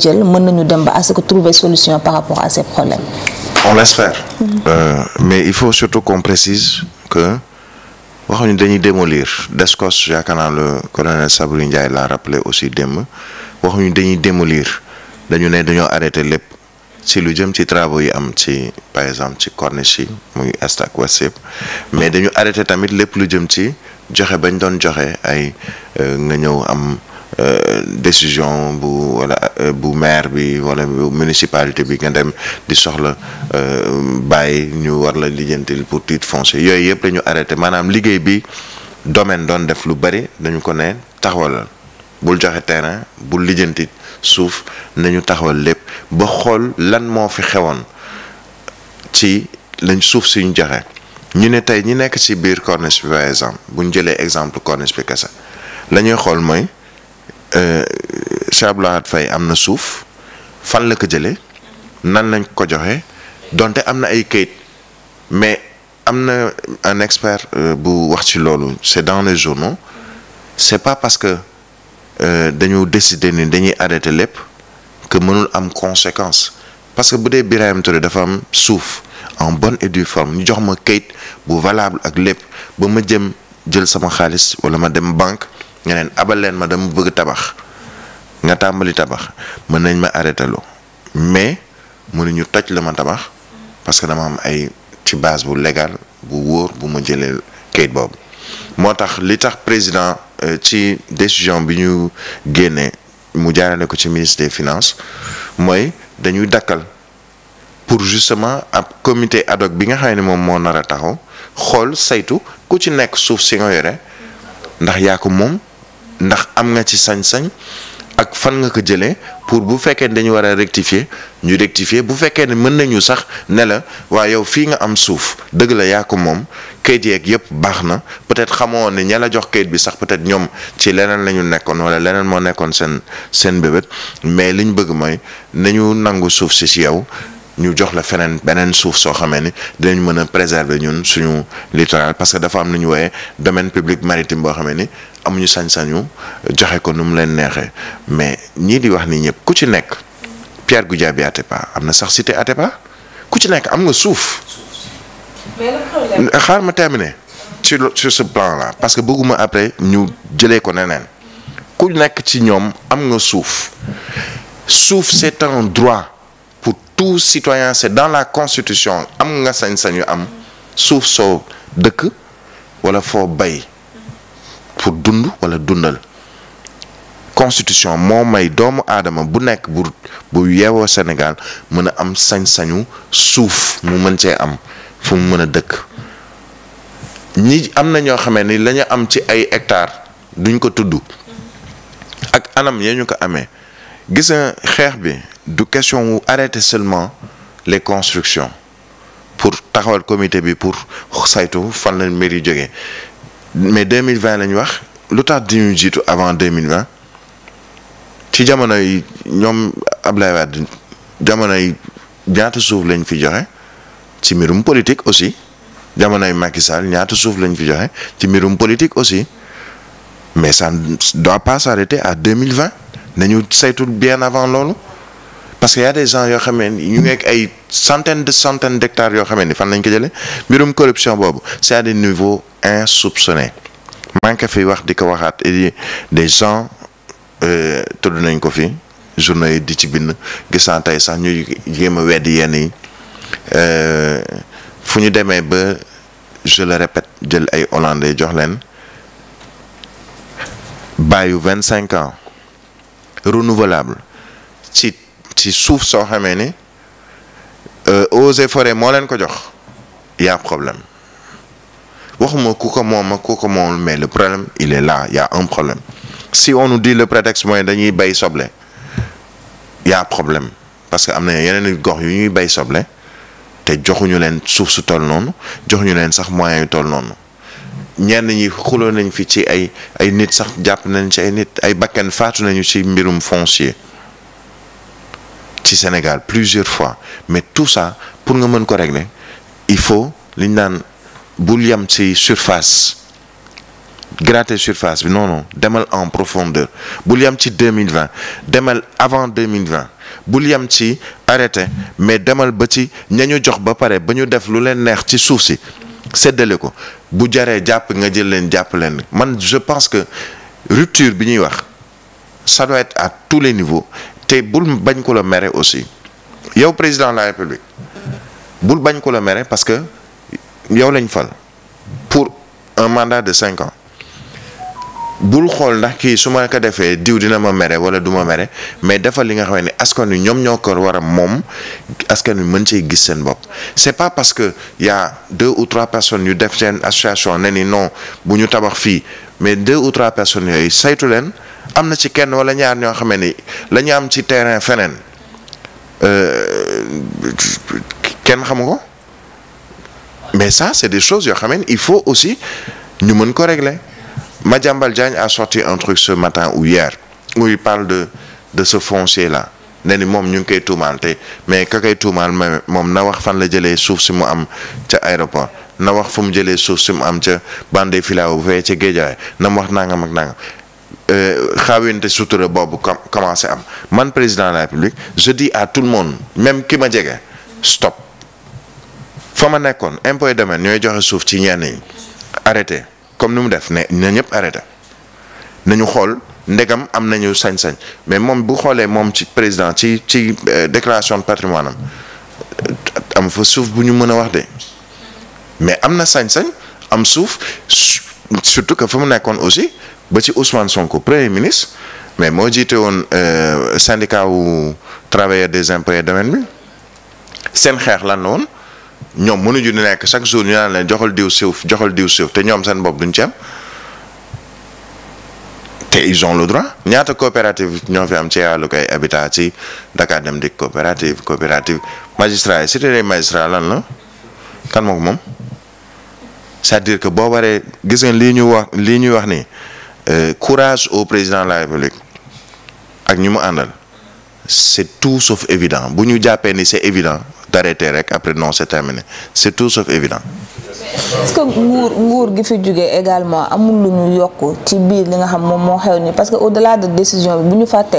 jël mën nañu dem ba à ce que trouver solution par rapport à ces problèmes. on l'espère. Euh, mais il faut surtout qu'on précise que waxuñu dañuy démolir DESCOS yaakaar naa le colonel Sabri Ndiaye l'a rappelé aussi démb waxuñu dañuy démolir dañu ne dañoo arrêté lépp si lu jëm ci travaux yi am ci par exemple ci corniche yi muy est ak mais dañu arrêté tamit lépp lu jëm ci joxe bañ doon joxe ay euh, nga ñëw am. Euh, décision bu wala euh, bu maire bi wala municipalité bi nga dem di soxla euh, bàyyi ñu war la lijjantil pour titre foncier yooyu yëpp dañu arrêté maanaam liggéey bi domaine doon def lu bëri dañu ko ne taxawalal bul joxe terrain bul lijjanti suuf nañu taxawal lépp ba xool lan moo fi xewoon ci lañ suuf suñu joxe ñu ne tey ñi nekk ci biir corniche bi par exemple bu ñu jëlee exemple corniche kese la ñuy xool mooy Euh, Cheikh Abdou Lahad am na suuf fan la ko jëlee nan lañ ko joxe donte am na ay kayit mais am na un expert euh, bu wax ci loolu c'est dans les journaux c'est pas parce que euh, dañu décider ni dañuy arrêter lépp que mënul am conséquence parce que bu dee Birahim Touré dafa am suuf en bonne et due ñu jox ma kayit bu valable ak lépp ba ma jëm jël sama xaalis wala ma dem banque nga leen abal leen ma dama bëgg tabax nga tàmbali tabax mën nañ ma arrêté lu mais mënuñu toj la ma tabax parce que dama am ay ci base bu légal bu wóor bu ma jëlee kayit boobu. moo tax li tax président euh, ci décision bi ñu génnee mu jaarale ko ci ministre des finance mooy dañuy dakkal pour justement ab comité ad bi nga xam ne moom moo nar a taxaw xool saytu ku ci nekk suuf si nga yore ndax yaa ko moom. ndax am nga ci sañ-sañ ak fan nga ko jëlee pour bu fekkee ne dañu war a rectifier ñu rectifier bu fekkee ne mën nañu sax ne la waa yow fii nga am suuf dëgg la yaa ko moom kayit yeeg yëpp baax na peut-être xamoo ne ñala jox kayit bi sax peut-être ñoom ci leneen la ñu nekkoon wala leneen moo nekkoon seen seen bébét mais li ñu bëgg mooy nañu nangu suuf si si yow. ñu jox la feneen beneen suuf soo xamee ni dinañ mën a préserver ñun suñu littoral parce que dafa am lu ñu wooyee domaine public maritime boo xamee ni amuñu sañ-sañu joxe ko nu mu leen neexee mais ñii di wax nii ñëpp ku ci nekk Pierre Goudiaby Atepa am na sax cité Atepa ku ci nekk am nga suuf. xaar ma terminer sur sur ce plan là parce que bëgguma après ñu jëlee ko neneen ku nekk ci ñoom am nga suuf suuf c'est un droit. tout citoyen c'est dans la constitution am nga sañ-sañu am suuf soo dëkk wala foo bay pour dund wala dundal constitution moo may doomu aadama bu nekk bu bu yeewoo Sénégal mën a am sañ-sañu suuf mu mën cee am fu mu mën a dëkk ñi am na ñoo xamee ni lañu am ci ay hectares duñ ko tudd ak anam ya ñu ko amee gis nga xeex bi du question wu arrêter seulement les constructions pour taxawal comité bi pour saytu fan la mbir yi jógee mais 2020 la ñu wax lu tax di ñu jiitu avant 2020 ci jamono yi ñoom Ablaye Wade jamono yi ñaata suuf lañ fi joxe ci mbirum politique aussi jamonoy Macky Sall ñaata suuf lañ fi joxe ci mbirum politique aussi mais ça ne doit pas s'arrêter à 2020 nañu saytu bien avant loolu. parce que y des gens yoo xamee ni ñu nekk ay centaines de centaines d'hectares yoo xamee ni fan nañ ko jëlee mbirum corruption boobu c'est à des niveaux insoupçonnés maa ngi ko fi wax di ko waxaat et des gens euh, tudd nañ ko fi journaux yi di ci bind gis naa tey sax ñuy jéem a weddi yenn yi euh, fu ñu demee ba je le répète jël ay hollandais jox leen bàyyu vingt cinq ans renouvelable ci ci suuf soo xamee ni euh, eaux et forêt moo leen ko jox y'a problème waxuma ku ko moom ak ku ko moomul mais le problème il est là y un problème si on nous dit le prétexte mooy dañuy bay soble y'a problème parce que am na yeneen gox yu ñuy bay soble te joxuñu leen suuf su toll noonu joxuñu leen sax moyens yu toll noonu ñenn ñi xuloo nañ fi ci ay ay nit sax jàpp nañ ci ay nit ay bakken faatu nañu ci mbirum foncier ci Sénégal plusieurs fois mais tout ça pour nga mën ko rek régler il faut li ñu naan bul yam ci surface gratter surface bi non non demal en profondeur bul yam ci 2020 demal avant 2020 bul yam ci arrêté mais demal ba ci ña ñu jox ba pare ba ñu def lu leen neex ci suuf si séddale ko bu jaree jàpp nga jël leen jàpp leen man je pense que rupture bi ñuy wax ça doit être tous les niveaux te bul bañ ko la mere aussi yow président la république bul bañ ko la mere parce que yow lañ fal pour un mandat de cinq ans bul xool ndax kii su ma ko defee diw dina ma mere wala du ma mere mais defal li nga xam ni askan wi ñoom ñoo ko war moom askan wi mën cee gis seen bopp c'est pas parce que y a deux ou trois personnes yu def seen association ne ni non bu ñu tabax fii mais deux ou trois personnes yooyu saytu leen. am na ci kenn wala ñaar ñoo xamee ni lañu am ci terrain feneen euh, kenn xamu ko mais ça c'est des choses yoo xamee ni il faut aussi ñu mën ko ma jàmbal Diagne a sorti un truc ce matin ou hier parle de de ce foncier la ne ni moom ñu ngi koy tuumaal te mais ka koy tuumaal moom na wax fan la jëlee suuf si mu am ca aéroport na wax fu mu jëlee suuf si mu am ca bande filao fee ca géejaay na mu wax nangam ak nangam Euh, xawinte sutura boobu commencé am man président de la république je dis à tout le monde même ki ma jege stop fa ma nekkoon impôt domaine ñooy joxe suuf ci ñenn yi arrêté comme ni mu def ne na ñëpp arrêté nañu xool ndegam am nañu sañ-sañ mais moom bu xoolee moom ci président ci ci euh, déclaration de patrimoine am euh, am fa suuf bu ñu mën a wax de mais am na sañ-sañ am suuf surtout que fa mu nekkoon aussi ba ci Ousmane Sonko premier ministre mais moo jiite woon euh, syndicat wu travailleurs des impôts domaine bi seen xeex lan la woon ñoom mënuñu di nekk chaque jour ñu naan leen joxal diw suuf joxal diw suuf te ñoom seen bopp duñ ci am te ils le droit ñaata coopérative ñoo fi am ci wàllu koy habitat ci Dakar dem di coopérative coopérative magistrat yi cité des magistrats lan la kan moo moom c'est-à-dire que boo waree gis lii ñu wax lii ñuy wax nii. Euh, courage au président de la République ak ñu mu àndal c'est tout sauf évident bu ñu jàppee ni c'est évident d'arrêter rek après non c'est terminé c'est tout sauf évident. est-ce que nguur nguur gi fi jógee également amul lu ñu yokk ci biir li nga xam moom moo xew ni parce que au-delà de décision bi bu ñu fàttee.